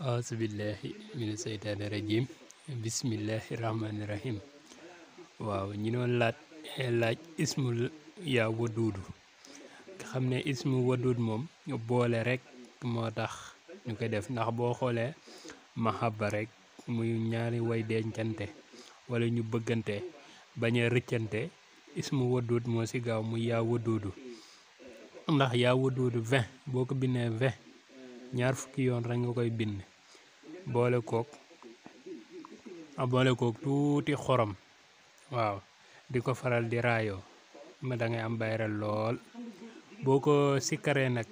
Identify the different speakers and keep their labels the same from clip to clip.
Speaker 1: asubillahi mina seytaani rajim bismillahi rahmaani waaw ñi doon laaj eh, laaj ismu yaa waduudu xam ne ismu waduud moom boole rek moo tax ñu koy def ndax boo xoolee mahabba rekk muy ñaari way dencante wala ñu bëggante bañ a rëccante ismu waduud moo ci gaaw muy yaa waduudu ndax yaa waduudu vingt boo ko bindee vingt ñaar fukki yoon rek nga koy bind boole kook ah, boole kook tuuti xorom waaw di ko faral di raayoo ma da ngay am bayral lool boo ko sikkaree nag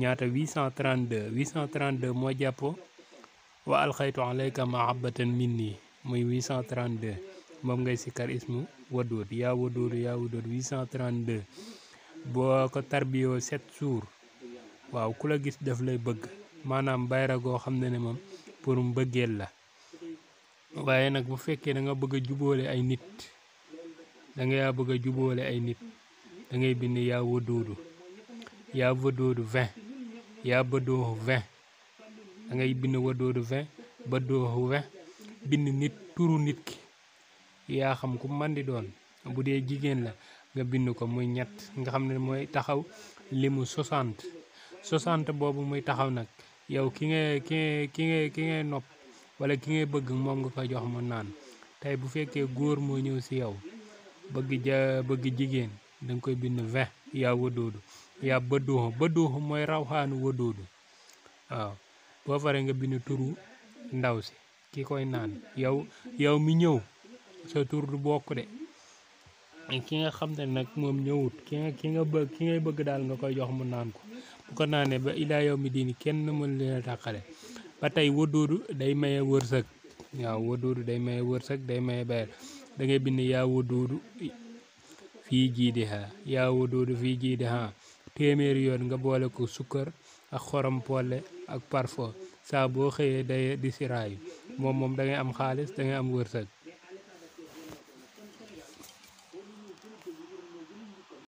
Speaker 1: ñaata 832 832 moo jàpp wa alxaytu alayka mahabbatan minni muy moom ngay sikkar ismu wadood yaa wadood yaa wadood 832 boo ko tarbiyoo 7 jours waaw ku la gis daf lay bëgg maanaam bayra goo xam ne ne moom pour mbëggeel la waaye nag bu fekkee da nga bëgg a jubóole ay nit dangay bëgg a jubóole ay nit da bind yaa wadoodu yaa wadoodu 20 yaa badooxu 20 da ngay bind wadoodu 20 badooxu 20 bind nit turu nit ki yaa xam ku man di doon bu dee jigéen la nga bind ko muy ñett nga xam ne mooy taxaw limu 60 soixante boobu muy taxaw nag yow ki nga ki ki nga ki ngay nopp wala ki ngay bëgg moom nga koy jox mu naan tey bu fekkee góor moo ñëw si yow bëgg ja bëgg jigéen danga koy bind vingt yaa wadoodu yaa bëdduuxu bëdduuxu mooy rawxaanu wadoodu waaw boo faree nga bind turu ndaw si ki koy naan yow yow mi ñëw sa tur du bokk de ki nga xam ne nag moom ñëwut ki nga ki nga bëgg ki bëgg daal nga koy jox mu naan ko bu ko naanee ba ilaa mi diin kenn mën leen a tàqale ba tey waduudu day maye wërsëg waaw waduudu day maye wërsëg day maye bayal dangay ngay bind yaa waduudu fii jiidiha yaa waduudu fii jiidiha téeméeri yoon nga boole ko sukkar ak xorom polle ak parfum saa boo xëyee day di siraayu moom moom dangay am xaalis da am wërsëg